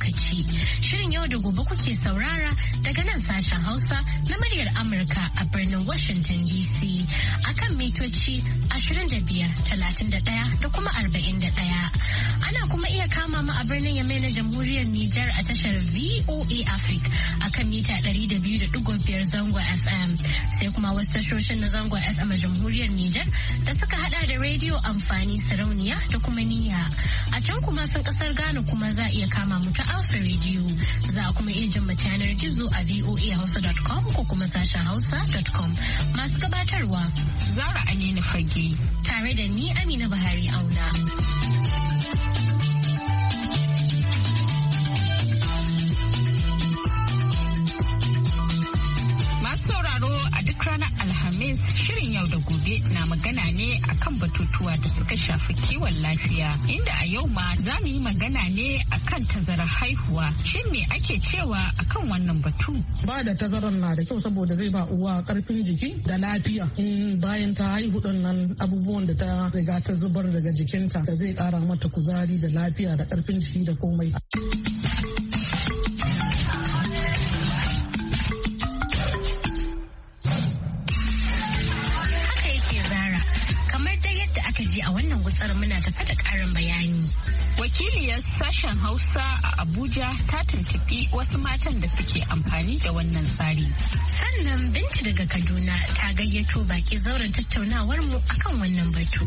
lokaci. Shirin yau da gobe kuke saurara daga nan sashen Hausa na muryar Amurka a birnin Washington DC akan mitoci 25 31 da kuma 41. Ana kuma iya kama mu a birnin Yamai na Jamhuriyar Nijar a tashar VOA Africa a kan mita 200.5 zango FM. Sai kuma wasu tashoshin na zango FM a Jamhuriyar Nijar da suka hada da rediyo amfani sarauniya da kuma niyya. A can kuma sun kasar Ghana kuma za a iya kama mu ta Alpha Radio. Za a kuma iya jin mu yanar gizo a voahausa.com ko kuma sashen hausa.com. Masu gabatarwa. Zara Aminu Fage. tare da ni Amina Buhari auna. yau da gobe na magana ne akan batutuwa da suka shafi kiwon lafiya inda a yau ma za mu yi magana ne akan tazara haihuwa shin me ake cewa akan wannan batu ba da tazarar na da kyau saboda zai ba uwa karfin jiki da lafiya in bayan ta haihu din nan abubuwan da ta riga ta zubar daga jikinta da zai kara mata kuzari da lafiya da karfin jiki da komai ana tafa da ƙarin bayani. Wakiliyar sashen Hausa a Abuja ta tuntuɓi wasu matan da suke amfani da wannan tsari. Sannan Binta daga Kaduna ta gayyato baki zauren tattaunawar mu akan wannan batu.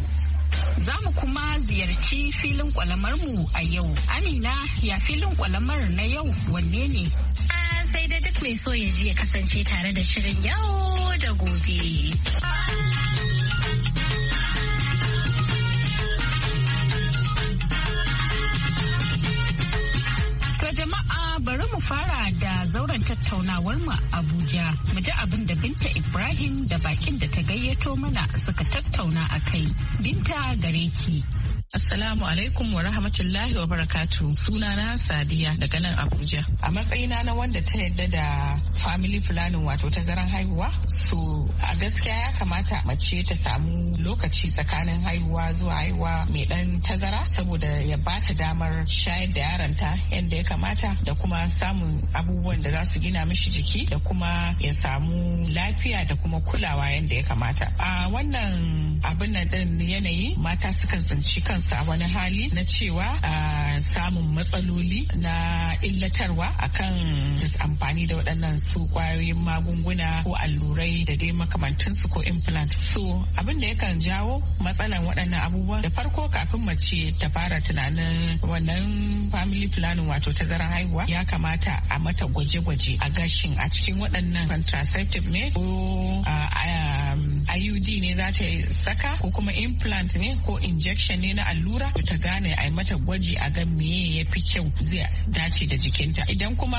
Za mu kuma ziyarci filin kwalamar mu a yau. Amina ya filin kwalamar na yau wanne ne? A sai da duk mai so ya ji ya kasance tare da shirin yau da gobe. bari mu fara da zauren tattaunawar mu Abuja. Mu ji abin da Binta Ibrahim da bakin da ta gayyato mana suka tattauna a kai. Binta gare ki. Assalamu alaikum wa rahmatullahi wa barakatu. Sunana Sadiya daga nan Abuja. A matsayina na wanda ta yadda da family planning wato tazaran haihuwa. So a gaskiya ya kamata mace ta samu lokaci tsakanin haihuwa zuwa haihuwa mai dan tazara saboda ya bata damar shayar da yaranta yadda ya kamata da kuma samun abubuwan da za su gina mishi jiki da kuma ya samu lafiya da kuma kulawa yadda ya kamata. A wannan abin nan din yanayi mata sukan tsinci kansu kansa a wani hali na cewa samun matsaloli na illatarwa a kan amfani da waɗannan su kwayoyin magunguna ko allurai da dai makamantansu ko implant so abin da yakan jawo matsalan waɗannan abubuwan da farko kafin mace ta fara tunanin wannan family planning wato tazarar haihuwa ya kamata a mata gwaje-gwaje a gashin a cikin waɗannan contraceptive ne ko um, IUD ne za ta saka ko kuma implant ne ko injection ne na allura ta gane a mata gwaji a ga meye ya fi kyau zai dace da jikinta idan kuma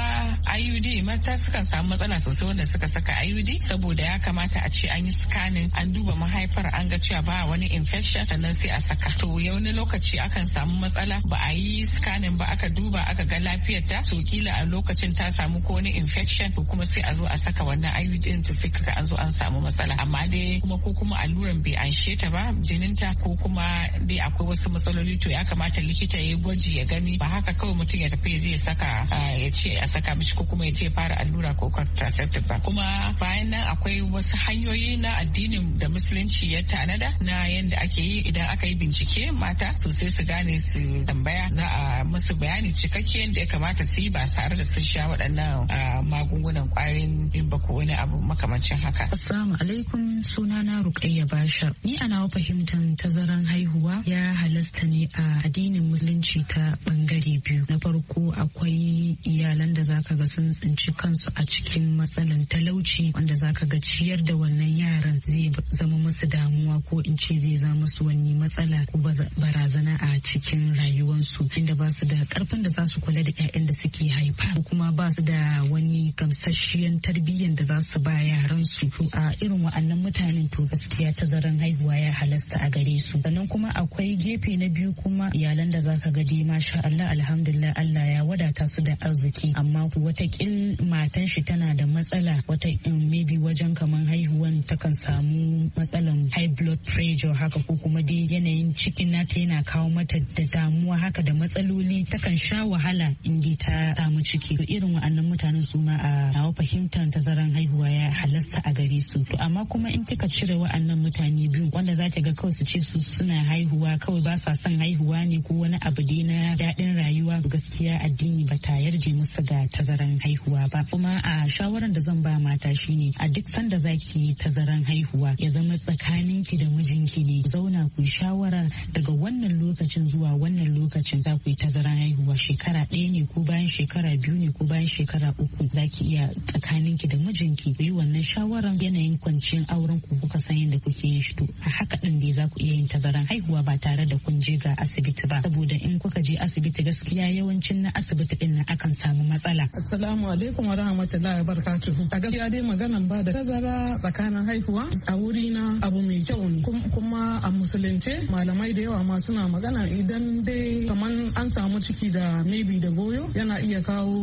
IUD mata sukan samu matsala sosai wanda suka saka IUD saboda ya kamata a ce an yi scanning an duba mahaifar an ga cewa ba wani infection sannan sai a saka to wani lokaci akan samu matsala ba a yi scanning ba aka duba aka ga lafiyar ta so kila a lokacin ta samu ko wani infection to kuma sai a zo a saka wannan IUD din ta sai kaga an zo an samu matsala amma dai kuma ko kuma alluran bai anshe ta ba jinin ta ko kuma dai akwai wasu matsaloli to ya kamata likita ya yi gwaji ya gani ba haka kawai mutum ya tafi ya je ya saka ya ce a saka mishi ko kuma ya ce fara allura ko contraceptive ba kuma bayan nan akwai wasu hanyoyi na addinin da musulunci ya tanada na yadda ake yi idan aka yi bincike mata sosai su gane su tambaya za a musu bayani cikakke yadda ya kamata su yi ba tare da sun sha waɗannan magungunan kwayoyin bimba ko wani abu makamancin haka. Assalamu alaikum sunana Rukayya Bashar. Ni a nawa fahimtar tazaran haihuwa ya halasta ne a addinin musulunci ta bangare biyu na farko akwai iyalan da zaka ga sun tsinci kansu a cikin matsalan talauci wanda zaka ga ciyar da wannan yaran zai zama musu damuwa ko in ce zai zama musu wani matsala ko barazana a cikin rayuwansu inda ba su da karfin da za su kula da 'ya'yan da suke haifa ko kuma ba su da wani gamsasshiyan tarbiyyan da za su ba yaran su a irin wa'annan mutanen to gaskiya ta tazaran haihuwa ya halasta a gare su sannan kuma akwai gefe na biyu kuma iyalan da zaka ga dai masha Allah alhamdulillah Allah ya wadata su da arziki amma kin matan shi tana da matsala wata um, maybe wajen kaman haihuwan kan samu matsalan high blood pressure haka ko kuma dai yanayin cikin nata yana kawo mata da damuwa haka da matsaloli ta kan sha wahala in dai ta samu ciki to irin wa'annan mutanen su ma a nawa fahimtar tazaran haihuwa ya halasta a gare su to amma kuma in kika cire wa'annan mutane biyu wanda zaki ga kawai su ce su suna haihuwa kawai ba sa son haihuwa ne ko wani abu dai na daɗin rayuwa gaskiya addini ba ta yarje musu ga tazaran haihuwa ba kuma a shawaran da zan ba mata shine a duk sanda zaki tazaran haihuwa ya zama tsakanin ki da mijinki ne zauna ku shawara daga wannan lokacin zuwa wannan lokacin za ku yi tazaran haihuwa shekara ɗaya ne ko bayan shekara biyu ne ko bayan shekara uku zaki iya tsakanin ki da mijinki ku yi wannan shawaran yanayin kwanciyar auren ku kuka san yadda kuke yin shi to a haka ɗin dai za ku iya yin tazaran haihuwa ba tare da da kun je ga asibiti ba saboda in kuka je asibiti gaskiya yawancin na asibiti din nan akan samu matsala assalamu alaikum wa rahmatullahi wa a gaskiya dai maganan ba da tazara tsakanin haihuwa a wuri na abu mai kyau ne kuma a musulunce malamai da yawa ma suna magana idan dai kaman an samu ciki da maybe da goyo yana iya kawo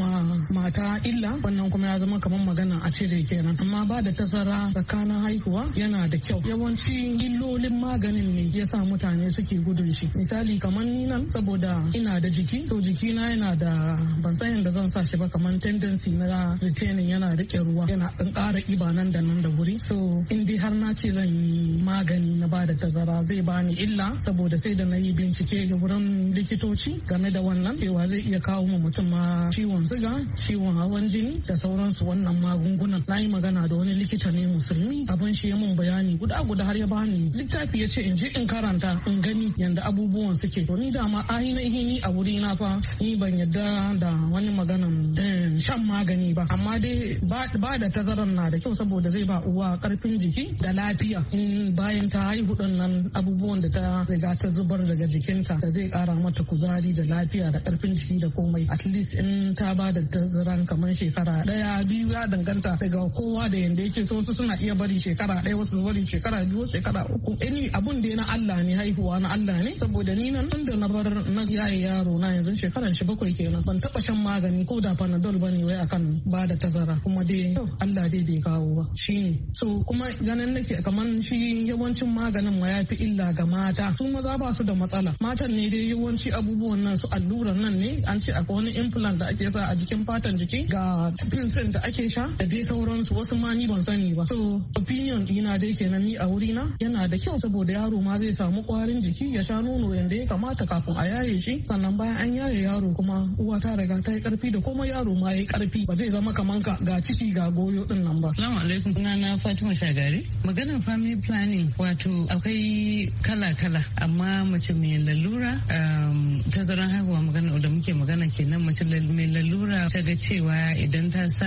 ma mata illa wannan kuma ya zama kaman magana a cire kenan amma ba da tazara tsakanin haihuwa yana da kyau yawanci illolin maganin ne ya sa mutane mutane suke gudun shi misali kamar ni nan saboda ina da jiki to jiki na yana da ban san yadda zan sa shi ba kamar tendency na retaining yana rike ruwa yana dan ƙara kiba nan da nan da wuri so in dai har na ce zan yi magani na ba da tazara zai bani illa saboda sai da na yi bincike ga wurin likitoci game da wannan cewa zai iya kawo ma mutum ma ciwon siga ciwon hawan jini da sauransu wannan magungunan na yi magana da wani likita ne musulmi abin shi ya mun bayani guda guda har ya bani littafi ya ce in je in karanta in gani yanda abubuwan suke to ni dama ainihi ni a wuri na fa ni ban yadda da wani maganan eh, shan magani ba amma dai ba da tazarar na da kyau saboda zai ba uwa karfin jiki da lafiya in bayan ta haihu din nan abubuwan da ta riga ta zubar daga jikinta da zai kara mata kuzari da lafiya da karfin jiki da komai at least in ta ba da tazaran kamar shekara daya biyu ya danganta daga kowa da yanda yake so wasu suna iya bari shekara daya wasu bari shekara biyu shekara uku any abun da na Allah ne haihuwa na Allah ne saboda ni nan tun da na bar na yaye yaro na yanzu shekaran shi bakwai kenan ban taba shan magani ko da panadol ne. wai akan ba da tazara kuma dai Allah dai bai kawo ba ne so kuma ganin nake kamar shi yawancin maganin ma yafi illa ga mata su maza ba su da matsala matan ne dai yawanci abubuwan nan su alluran nan ne an ce akwai wani implant da ake sa a jikin fatan jiki ga pills da ake sha da dai sauransu wasu ma ni ban sani ba so opinion dina dai kenan ni a wurina yana da kyau saboda yaro ma zai samu kwarin jiki ya sha nono yadda ya kamata kafin a yaye shi sannan bayan an yaye yaro kuma uwa ta riga ta yi karfi da kuma yaro ma ya yi karfi ba zai zama kaman ka ga ciki ga goyo din nan ba. salamu alaikum na Fatima Shagari. Maganar family planning wato akwai kala-kala amma mace mai lalura um, tazaran haihuwa magana da muke magana kenan mace mai lalura ta ga cewa idan ta sa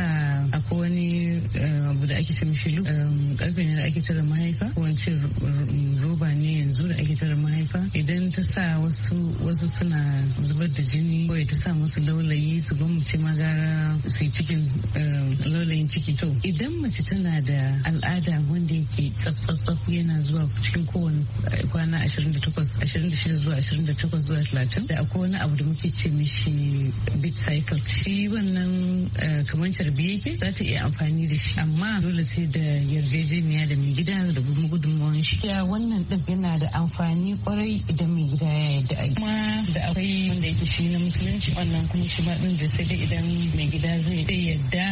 akwai wani um, abu da ake ce mishi karfe um, ne da ake cire mahaifa ko roba ne yanzu da ake cutar mahaifa idan ta sa wasu wasu suna zubar da jini kawai ta sa musu laulayi su gwamnati ma gara su cikin eh, laulayin ciki to idan mace tana da al'ada wanda yake tsaf yana zuwa cikin kowane kwana 26 zuwa 28 zuwa 30 da akwai wani abu da muke ce mishi bit cycle shi wannan eh, kamar carbi yake za ta iya amfani da shi amma dole sai da yarjejeniya da mai gida da gudunmawar shi wannan din yana da amfani amfani kwarai idan mai gida ya yarda a kuma da akwai wanda yake shi na musulunci wannan kuma shi din da sai da idan mai gida zai yarda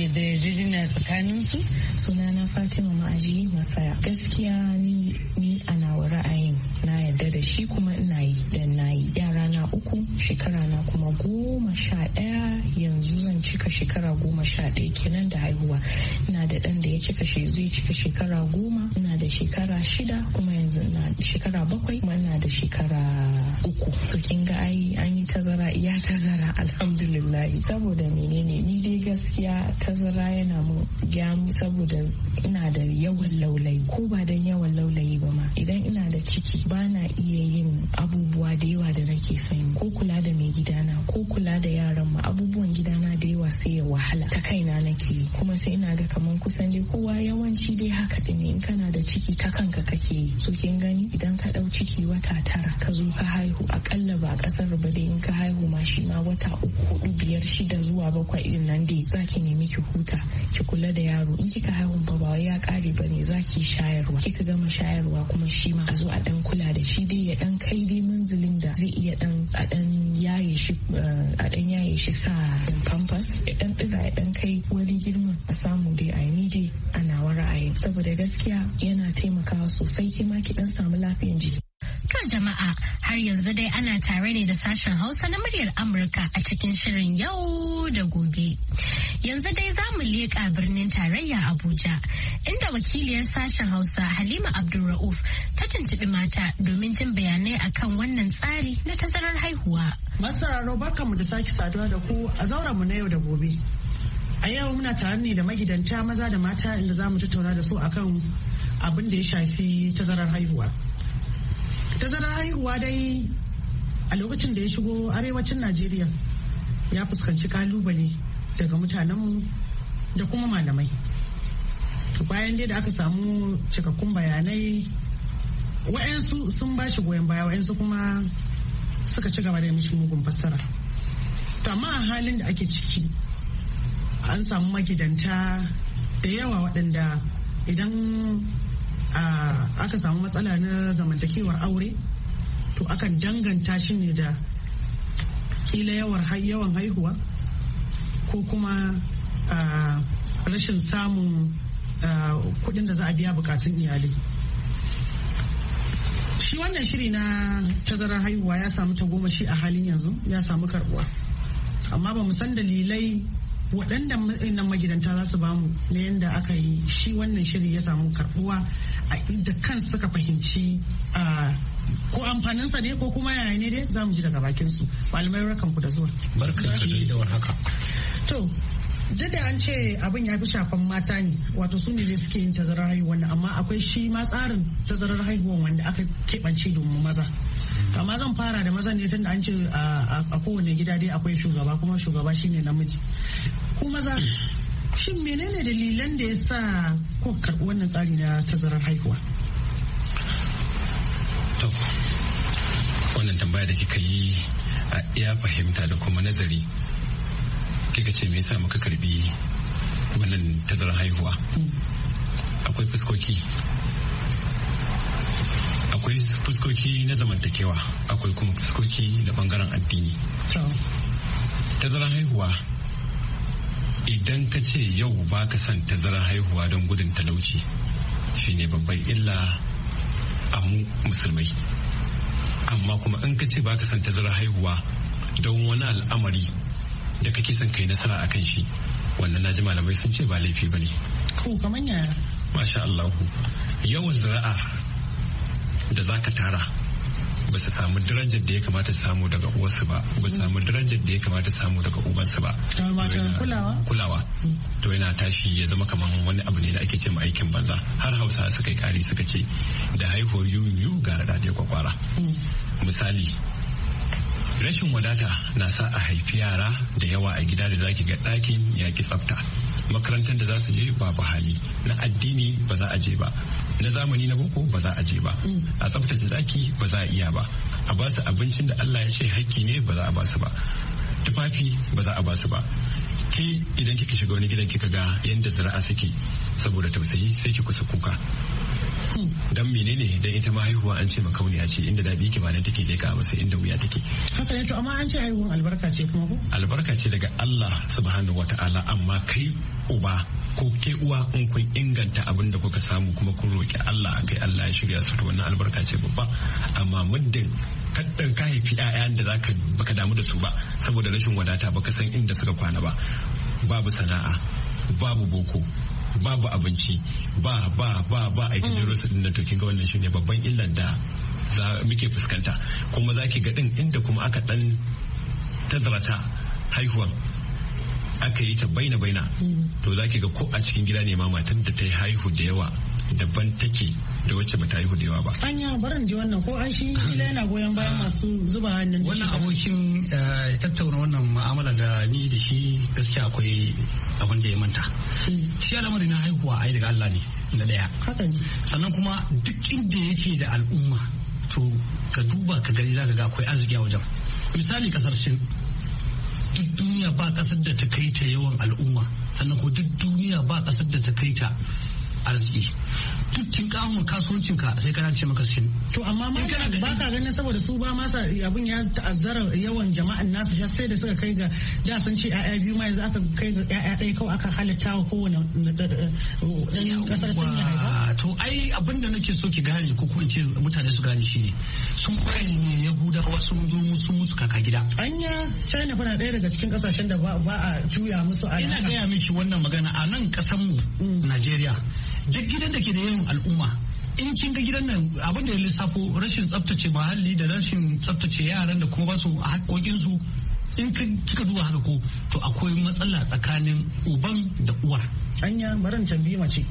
yadda yarjejina tsakanin su sunana fatima ma'aji masaya gaskiya ni ni ana ra'ayin na yarda da shi kuma ina yi da na uku shekara na kuma goma sha ɗaya yanzu zan cika shekara goma sha ɗaya kenan da haihuwa ina da ɗan da ya cika zai cika shekara goma ina da shekara shida kuma yanzu ina shekara bakwai kuma ina da shekara uku to kin ga ai an yi tazara ya tazara alhamdulillah saboda menene ni dai gaskiya tazara yana mu gyamu saboda ina da yawan laulayi ko ba don yawan laulayi ba ma idan ina da ciki ba na iya yin abubuwa da yawa da nake so ko kula da mai gidana ko kula da yaran mu abubuwan gidana da yawa sai ya wahala ta kaina nake kuma sai ina ga kaman kusan dai kowa yawanci dai haka ne in kana da ciki ta kanka kake yi so kin gani idan ka dau ciki wata tara ka zo ka haihu akalla ba kasar ba dai in ka haihu ma shi ma wata uku hudu biyar shida zuwa bakwai irin nan dai zaki nemi ki huta ki kula da yaro in kika haihu ba ba ya kare ba ne zaki shayarwa kika gama shayarwa kuma shi ma a zo a dan kula da shi dai ya dan kai dai manzilin da zai iya dan a dan yaye shi sa pampas ya dan dira ya dan kai wani girman a samu dai a ni dai ana wa ra'ayi saboda gaskiya yana taimakawa sosai kima ki dan samu lafiyan jiki To jama'a har yanzu dai ana tare ne da sashen Hausa na muryar Amurka a cikin shirin yau da gobe. Yanzu dai za mu leƙa birnin tarayya Abuja inda wakiliyar sashen Hausa Halima Abdulra'uf ta tuntuɓi mata domin jin bayanai akan wannan tsari na tazarar haihuwa. Masararo mu da sake saduwa da ku a zauren mu na yau da gobe. A yau muna tare ne da magidanta maza da mata inda za mu tattauna da su akan abin da ya shafi tazarar haihuwa. tazarar haihuwa dai a lokacin da ya shigo arewacin najeriya ya fuskanci kalubale daga mutanenmu da kuma malamai bayan dai da aka samu cikakkun bayanai wa'ansu sun ba shi goyon baya wa'ansu kuma suka ci gaba da mishi mugun fassara amma a halin da ake ciki an samu magidanta da yawa waɗanda idan aka samu matsala na zamantakewar aure to akan danganta shi ne da kila yawan haihuwa ko kuma rashin samun kudin da za a biya bukatun iyali shi wannan shiri na tazarar haihuwa ya samu tagomashi a halin yanzu ya samu karbuwa amma ba san dalilai waɗannan matsayin magidanta za su bamu na yadda aka yi shi wannan shiri ya samu karbuwa a inda kan suka fahimci ko amfaninsa ne ko kuma yaya ne dai za mu ji daga bakin su malamai rakan ku da zuwa barka da haka to duk da an ce abin ya fi shafan mata ne wato su ne suke yin tazarar haihuwa amma akwai shi ma tsarin tazarar haihuwa wanda aka keɓance domin maza amma zan fara da maza ne tun da an ce a kowane gida dai akwai shugaba kuma shugaba shine namiji ku maza shin menene dalilan da ya sa ko karɓi wannan tsari na tazarar haihuwa wannan tambaya da kika yi ya fahimta da kuma nazari Kika ce me yasa muka karbi wannan tazarar haihuwa akwai fuskoki akwai fuskoki na zamantakewa akwai kuma fuskoki na bangaren addini tazarar haihuwa idan ka ce yau ba ka son tazarar haihuwa don gudun talauci shine babban illa a musulmai amma kuma in ka ce ba ka son tazarar haihuwa don wani al'amari da kake son kai nasara a kan shi wannan naji malamai sun ce ba laifi ba ne. Ko kamar ya? Masha Allah. Yawan zira'a da za ka tara ba su samu darajar da ya kamata samu daga uwarsu ba ba su samu darajar da ya kamata samu daga ubansu ba kulawa kulawa to yana tashi ya zama kamar wani abu ne da ake ce aikin banza har hausa suka yi kari suka ce da haihuwar yuyu gara da kwakwara mm. misali rashin wadata na sa a haifi yara da yawa a gida da zaki ga ɗakin yaƙi tsafta makarantar da za su je ba hali na addini ba za a je ba na zamani na boko ba za a je ba mm. a tsaftace zaki ba za a iya ba a ba su abincin da Allah ya ce hakki ne ba za a ba su ba tufafi ba za a ba su ba ke idan kika shiga wani gidan kika ga yadda zara'a suke saboda tausayi sai ki kusa kuka dan menene dan ita ma haihuwa an ce makauniya ce inda dadi ke ba take leka ba sai inda wuya take haka ne to amma an ce haihuwan albarka ce kuma ko albarka ce daga Allah subhanahu wataala amma kai uba ko ke uwa in kun inganta abin da kuka samu kuma kun roki Allah kai Allah ya shirya su to wannan albarka ce babba amma muddin kaddan ka haifi 'ya'yan da zaka baka damu da su ba saboda rashin wadata baka san inda suka kwana ba babu sana'a babu boko babu abinci ba ba ba ba a yi jiro su da to kinga wannan shi ne babban illar da za muke fuskanta kuma za ki ga ɗin inda kuma aka ɗan tazarata haihuwan aka yi ta baina baina mm. to za ki ga ko a cikin gida ne ma matar da ta yi haihu da yawa daban take da wacce bata yi da ba anya barin ji wannan ko an shi ila yana goyon bayan masu zuba hannun wannan abokin eh, tattauna wannan mu'amala da ni da shi gaskiya akwai abin da ya manta hmm. shi al'amari na haihuwa ai daga Allah ne na daya sannan kuma duk inda yake da al'umma to ka duba ka gani zaka ga akwai arziki a wajen misali kasar sin duk duniya ba kasar da ta kai ta yawan al'umma sannan ko duk duniya ba kasar da ta kai ta arziki duk kin kawo kasuwancin ka sai kana ce maka sin to amma ma ba ka ganin saboda su ba masa abun ya ta'azzara yawan jama'an nasu ya sai da suka kai ga da san ce yaya biyu ma yanzu aka kai ga yaya ɗaya kawai aka halatta wa kowane ɗan kasar sun Ya haifa to ai abin da nake so ki gane ko kuma ce mutane su gane shine sun kwaye ne yahudawa sun zo musu musu kaka gida anya china fana ɗaya daga cikin kasashen da ba a juya musu a ina gaya miki wannan magana a nan kasar mu mm. najeriya duk gidan da ke da yawan al'umma in kin ga gidan nan abin da ya lissafo rashin tsaftace muhalli da rashin tsaftace yaran da kuma basu haƙoƙinsu in kika duba haka ko to akwai matsala tsakanin uban da uwar. Anya maran tambi mace.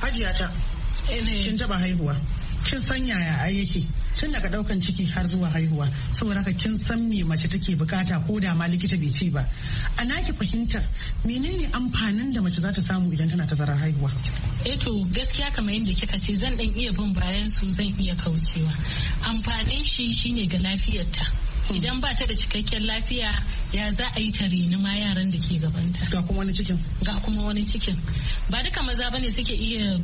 Hajiya ta. Eh, kin taba haihuwa. Kin san yaya ai yake. tun daga daukan ciki har zuwa haihuwa saboda haka kin san me mace take bukata ko da ma likita bai ce ba a naki fahimtar menene amfanin da mace za ta samu idan tana tazarar haihuwa eh to gaskiya kamar yadda kika ce zan dan iya bin bayan su zan iya kaucewa amfanin shi shine ga lafiyarta hmm. idan ba ta da cikakken lafiya ya za a yi ta ni ma yaran da ke gabanta ga kuma wani cikin ga kuma wani cikin ba duka maza bane suke iya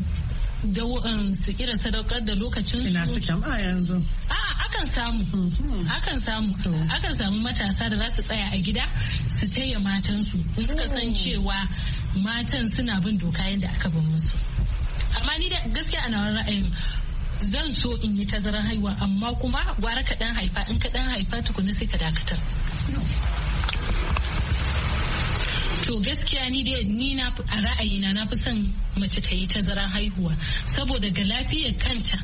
da um, su kira sadaukar da lokacin ina suke a yanzu a'a akan samu mhm. akan samu akan samu matasa da za su tsaya a gida su taya matansu suka mm. san cewa matan suna bin doka yadda aka bin musu amma ni da gaskiya a ra'ayin zan so in yi tazarar haihuwa amma kuma gwara ka dan haifa in ka dan haifa tukuna sai ka dakatar to gaskiya ni dai ni na a ra'ayina na fi son mace ta yi tazarar haihuwa saboda ga lafiyar kanta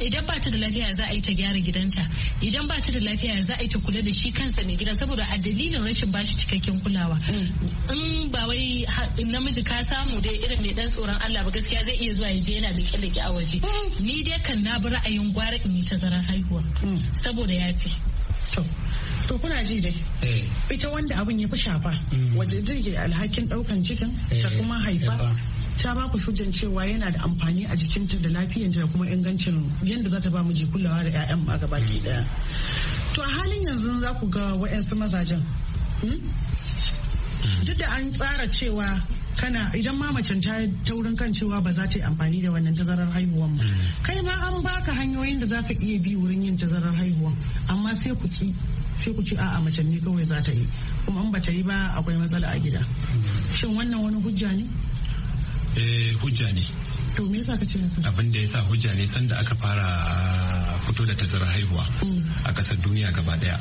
idan ba ta da lafiya za a yi ta gyara gidanta idan ba ta da lafiya za a yi ta kula da shi kansa mai gida saboda a dalilin rashin bashi cikakken kulawa in ba wai namiji ka samu dai irin mai dan tsoron Allah ba gaskiya zai iya zuwa ya je yana leke leke a waje ni dai kan na bi ra'ayin gwara in yi tazarar haihuwa saboda yafi To kuna ji dai. Eh. Ita wanda abin ya fi shafa mm. waje jirgin alhakin daukan cikin ta eh, kuma haifa ta ba ku hujjan cewa yana da amfani a jikinta da lafiyanta da kuma ingancin yadda za ta ba miji kulawa da 'ya'yan a ki daya to a halin yanzu za ku ga wa'yansu mazajen hmm? duk da an tsara cewa kana idan ma macen ta taurin kan cewa ba za ta yi amfani da wannan tazarar haihuwan ba hmm. kai ma an baka hanyoyin da za ka iya bi wurin yin tazarar haihuwan amma sai ku ci sai ku ci a'a macen ne kawai za ta yi kuma an ba ta yi ba akwai matsala a gida hmm. shin wannan wani hujja ne Eh, hujja ne to me yasa abin da yasa hujja ne sanda aka fara fito da tazarar haihuwa mm. a kasar duniya gaba daya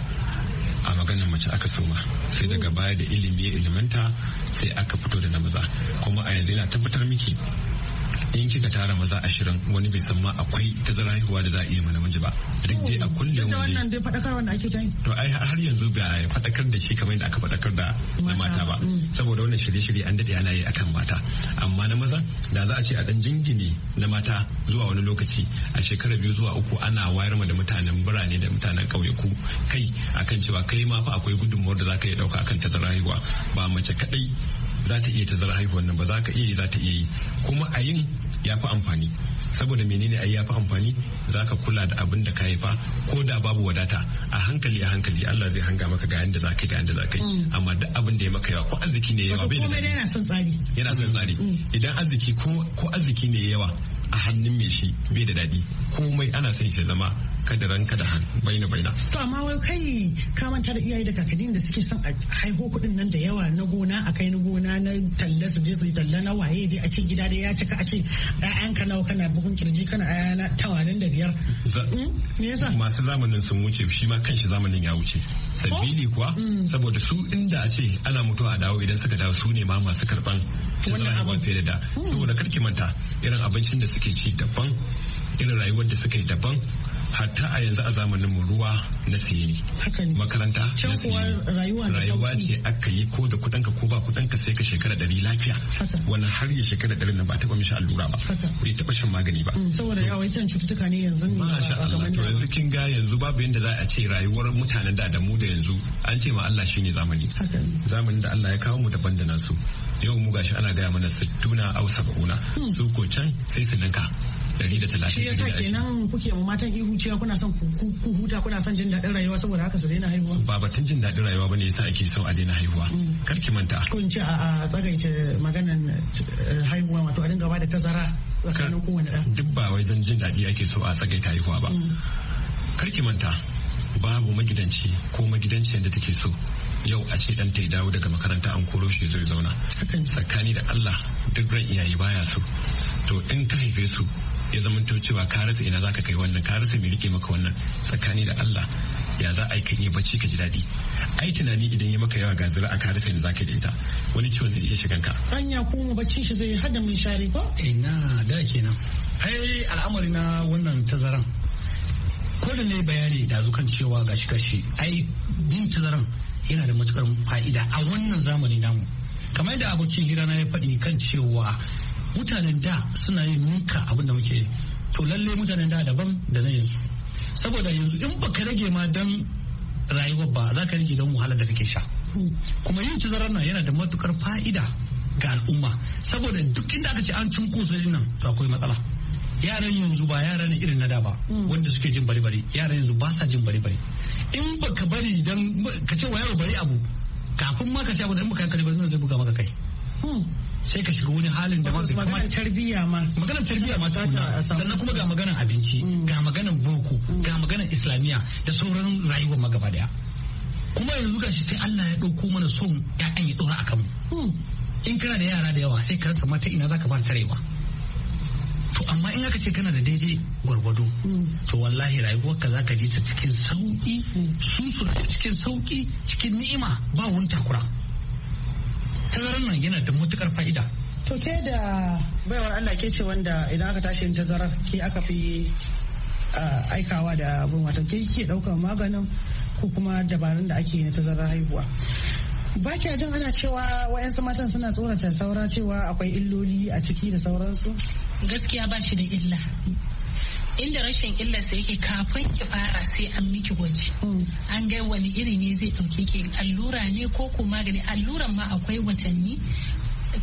a maganar mace aka soma sai daga mm. baya da ilimi ya ilimanta sai aka fito da na maza kuma a yanzu yana tabbatar miki in kika tara maza ashirin wani bai san ma akwai tazara haihuwa da za a iya mana miji ba duk dai a kullum wani wannan dai fadakar wanda ake tayi to ai har yanzu ba fadakar da shi kamar yadda aka fadakar da mata ba mm. saboda wannan shirye-shirye an dade ana yi akan mata amma na maza da za a ce a dan jingine na mata zuwa wani lokaci a shekara biyu zuwa uku ana wayar ma da mutanen birane da mutanen ƙauyaku kai akan cewa kai ma fa akwai gudunmuwar da za ka iya ɗauka akan tazara haihuwa ba mace kaɗai za ta iya tazara haihuwan nan ba za ka iya za ta iya yi kuma a yin ya fi amfani saboda menene yi ya fi amfani za ka kula da abin da ka haifa ko da babu wadata a hankali a hankali Allah zai hanga maka ga yanda za ka yi ga yanda za ka yi mm. amma duk abin da ya maka yawa ko arziki ne yawa bai da yana son tsari yana son tsari mm. Mm. idan arziki ko arziki ne yawa a hannun mai shi bai da daɗi komai ana son shi zama kada ranka da hannu baina baina to amma wai kai ka manta da iyaye da kakannin da suke son a haihu kuɗin nan da yawa na gona a kai na gona na talla su je su talla na waye dai a ce gida daya ya cika a ce ɗayanka nawa kana bugun kirji kana na tawanin da biyar hmm? me yasa masu zamanin sun wuce shi ma kanshi zamanin ya wuce sabili oh. kuwa hmm. saboda su inda a ce ana mutuwa a dawo idan suka dawo su ne ma masu karban wannan abin da hmm. saboda karki manta irin abincin da suke ci daban irin rayuwar da suke yi daban hatta a yanzu a zamanin mu ruwa na siye ne makaranta na siye rayuwa ce aka yi ko da kudanka ko ba kudanka sai ka shekara dari lafiya wannan har ya shekara dari na ba taba mishi allura ba bai taba shan magani ba mm. saboda yawancin cututtuka ne yanzu ma sha Allah to yanzu kin ga yanzu babu yanda za a ce rayuwar mutanen da da mu da yanzu an ce ma Allah shine zamani zamanin da Allah ya kawo mu daban da nasu yau mu gashi ana gaya mana sittuna au sab'una mm. su ko can sai su ninka Dari da shi yasa kenan kuke mu matan ihu cewa kuna son ku huta kuna son jin daɗin rayuwa saboda haka su daina haihuwa ba batun jin daɗin rayuwa bane yasa ake so a daina haihuwa mm. kar ki manta ko in ce a tsagaita maganan eh, haihuwa wato a dinga bada tazara tsakanin kowane ɗa duk ba wai don jin daɗi ake so a tsagaita haihuwa ba mm. kar ki manta babu magidanci ko magidanci yadda take so yau a ce ɗanta ya dawo daga makaranta an koro shi zai zauna tsakani da Allah duk ran iyaye baya so to in ka haife su ya zamanto cewa ka rasa ina zaka kai wannan ka rasa me rike maka wannan tsakani da Allah ya za a yi kan bacci ka ji daɗi ai tunani idan ya maka yawa ga zira a karisa ina zaka da ita wani ciwon zai iya shigan ka hanya kuma bacci shi zai hada mun share ba ina da kenan ai al'amari na wannan tazaran ko da ne bayani da kan cewa gashi gashi ai bin tazaran yana da matukar fa'ida a wannan zamani namu kamar da abokin hira na ya faɗi kan cewa mutanen da suna yin nika abinda da muke to lalle mutanen da daban da na yanzu saboda yanzu in baka rage ma dan rayuwar ba za ka rage don wahalar da kake sha kuma yin cizarar nan yana da matukar fa'ida ga al'umma saboda duk inda aka ce an cin kusurin nan to akwai matsala yaran yanzu ba yaran irin na da ba wanda suke jin bari bari yaran yanzu ba sa jin bari bari in baka bari dan ka ce wa yaro bari abu kafin ma ka ce abu da in baka kare ba zai buga maka kai Hmm. sai ka shiga wani halin da masu magana tarbiyya ma Maganar tarbiyya ma tukuna sannan kuma ga maganar abinci hmm. ga maganar boko hmm. ga maganar islamiyya da sauran rayuwar magaba daya kuma yanzu gashi sai Allah ya ɗauko mana son ya'yan ya ɗora akan mu in kana da yara da yawa sai ka rasa mata ina zaka ba tarewa to amma in aka ce kana da daidai gwargwado to wallahi ka zaka ji ta cikin sauki su cikin sauki cikin ni'ima ba wani takura tazarar nan yana da matukar fa'ida to ke da baiwar Allah ke ce wanda idan aka tashi tazarar ke aka fi aikawa da abin wato ke ke ɗaukar maganin ko kuma dabarun da ake na tazarar haihuwa ba jin ana cewa wayansu matan suna tsorata saura cewa akwai illoli a ciki da sauransu gaskiya ba shi da illa inda rashin illarsa yake kafin ki fara sai an miki gwaji mm. an ga wani iri ne zai ɗauke ki allura ne ko ko magani alluran ma akwai watanni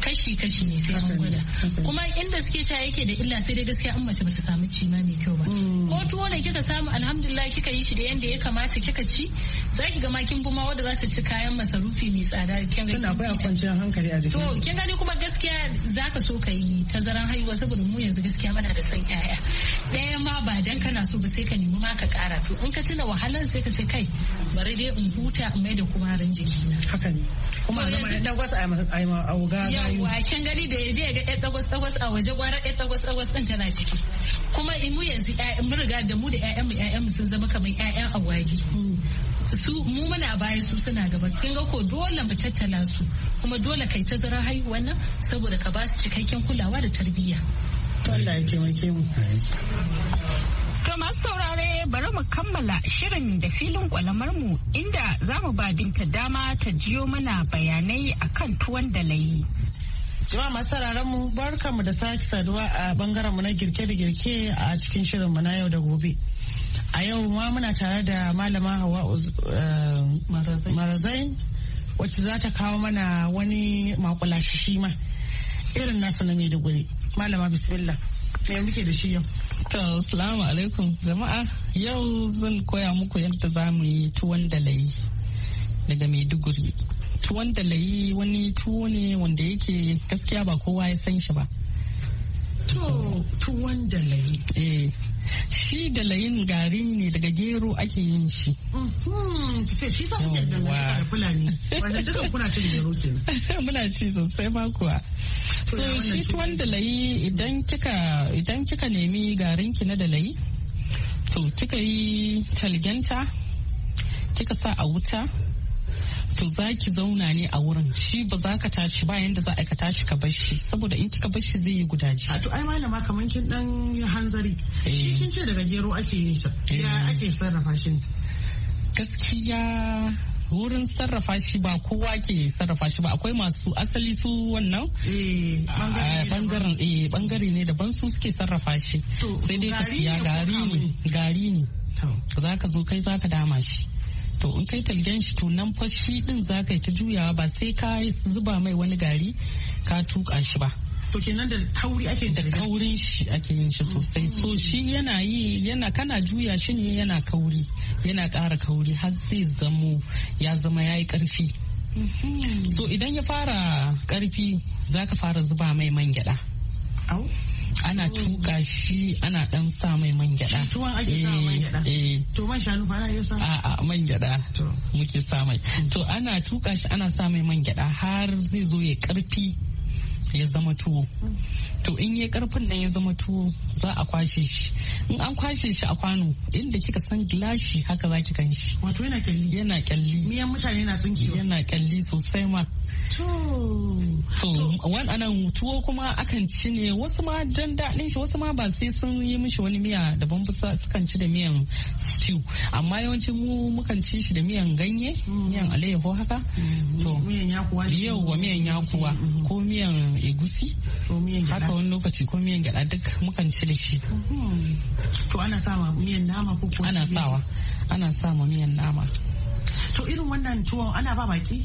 kashi-kashi ne sai an gwada kuma inda suke ta yake da illa sai dai gaskiya an mace bata samu cima mai kyau ba mm. ko tuwo ne kika samu alhamdulillah kika yi shi da yanda ya kamata kika ci zaki ga ma kin fi ma wanda za ta ci kayan masarufi mai tsada kin ga tana baya kwanciyar hankali a jikin to kin gani kuma gaskiya zaka so ka yi tazaran haihuwa saboda mu yanzu gaskiya muna da son yaya ɗaya ma ba dan kana so ba sai ka nemi ma ka kara to in ka tuna wahalar sai ka ce kai bari dai in huta in mai da kumarin jiki na haka ne kuma zama da dagwas a wuga wa kin gani da yaje ga ɗan dagwas dagwas a waje gwara ɗan dagwas dagwas din tana ciki kuma in mu yanzu ɗaya mun riga da mu da ƴaƴan mu ƴaƴan mu sun zama kamar ƴaƴan awagi su mu muna baya su suna gaba kin ga ko dole mu tattala su kuma dole kai tazarar haihuwa nan saboda ka ba su cikakken kulawa da tarbiyya Allah ya taimake mu. To masu saurare bari mu kammala shirin da filin kwalamar mu inda za mu ba binta dama ta jiyo mana bayanai a kan tuwon da layi. Jama masu mu barkanmu da sake saduwa a bangaren mu na girke da girke a cikin shirin mu na yau da gobe. A yau ma muna tare da malama Hawa eh, Marazain wacce za ta kawo mana wani makulashi shi ma irin nasu na Maiduguri. malama bismillah me muke da shi yau to assalamu alaikum jama'a yau zan koya muku yadda za mu yi tuwon dalayi daga maiduguri tuwon dalayi wani tuwo ne wanda yake gaskiya ba kowa ya san shi ba to tuwon dalayi eh shi da layin gari ne daga gero ake yin shi. Mhm. Ki ce shi sa kuke da da Fulani wanda duka kuna cin gero kenan. Muna ci sosai ma kuwa. So shi tuwon da layi idan kika idan kika nemi garin ki na da layi to kika yi talgenta kika sa a wuta to za ki zauna ne a wurin shi ba za ka tashi ba yanda za a ka tashi ka bashi saboda in kika bashi zai yi gudaji. A to ai malama kamar kin dan hanzari shi eh. kin ce daga gero ake yin sa ya eh. ake sarrafa shi gaskiya wurin sarrafa shi ba kowa ke sarrafa shi ba akwai masu asali su wannan eh, ah, bangaren bangare ne daban su suke sarrafa shi sai dai ka siya gari ne gari ne za ka zo kai za ka dama shi to in kai talgen shi to nan fa shi din za ka ta juyawa ba sai ka zuba mai wani gari ka tuka shi ba to kenan da tauri ake da kaurin shi ake yin shi sosai so mm. shi yana yi yana kana juya shi ne yana kauri yana ƙara kauri har sai zamo ya zama ya yi ƙarfi mm-hmm. so idan ya fara ƙarfi za ka fara zuba mai man gyaɗa ana tuka shi ana dan sa mai man gyada tuwon ake sa mai gyada eh, eh. to man shanu fara ana sa a a man gyada muke sa mai to ana tuka shi ana sa mai man gyada har zai zo ya karfi ya zama tuwo to in ya karfin nan ya zama tuwo za a kwashe shi in an kwashe shi a kwano inda kika san gilashi haka za ki kan shi wato yana kyalli yana kyalli miyan mutane na tsinkewa yana kyalli sosai ma To, waɗannan tuwo kuma akan ci ne wasu ma don daɗin shi wasu ma ba sai sun yi mishi wani miya daban ba sukan ci da miyan stew. Amma yawanci mu mukan ci shi da miyan ganye, mm. miyan alayyaho haka. Mm. To, miyan yakuwa. Yau wa miyan yakuwa mm. ko miyan egusi. Haka wani lokaci ko miyan gyaɗa duk mukan ci da shi. To ana sawa miyan nama ko Ana sawa. Ana sawa miyan nama. to irin wannan tuwon ana ba baki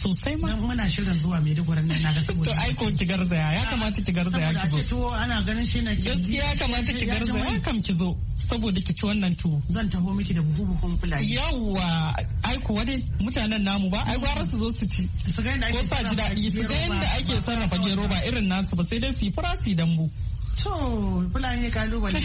sosai ma muna shirin zuwa Maiduguri nan ga saboda to ai ko ki garzaya ya kamata ki garzaya ki zo saboda tuwo ana ganin shi na ki ya kamata ki garzaya kam ki zo saboda ki ci wannan tuwo zan taho miki da buhu buhun fulani yawa ai ko wade mutanen namu ba ai gwara su zo su ci su ga inda ake sarrafa gero ba irin nasu ba sai dai su yi fura su yi dambu To, fulani ne kalubale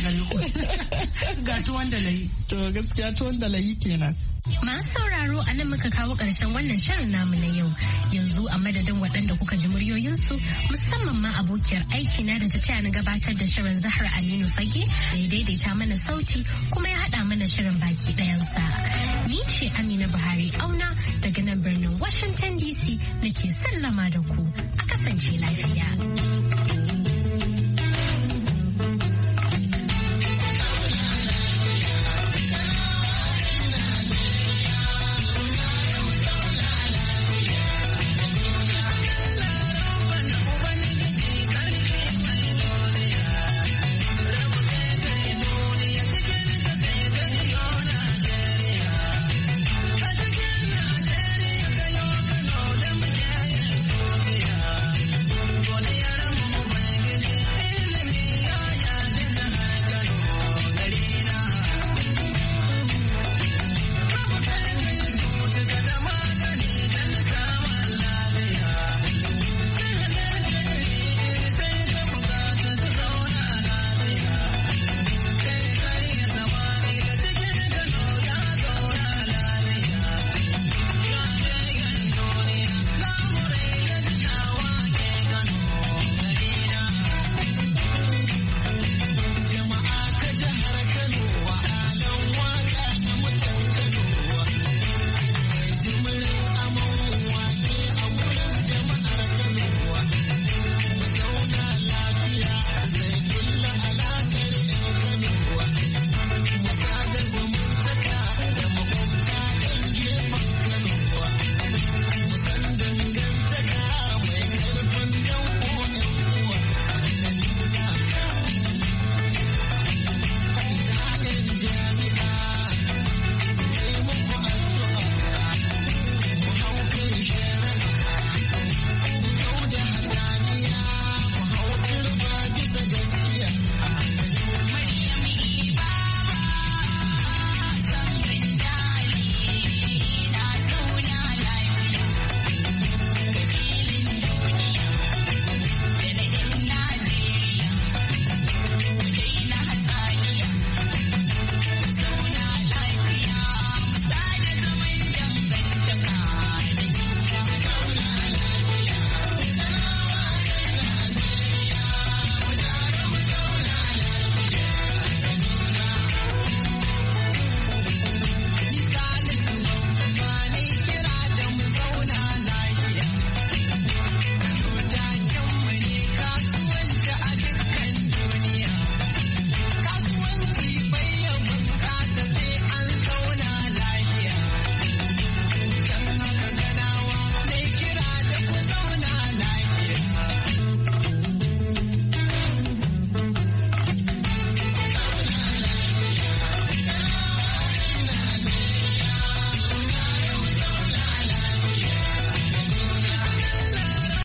Ga tuwon da layi. To, gaskiya tuwon da layi kenan. Masu sauraro a nan muka kawo ƙarshen wannan shirin namu na yau. Yanzu a madadin waɗanda kuka ji muryoyinsu musamman ma abokiyar aiki na da ta taya ni gabatar da shirin Zahra Aminu Fage da ya daidaita mana sauti kuma ya haɗa mana shirin baki ɗayansa. Ni ce Amina Buhari Auna daga nan birnin Washington DC nake sallama da ku. A kasance lafiya.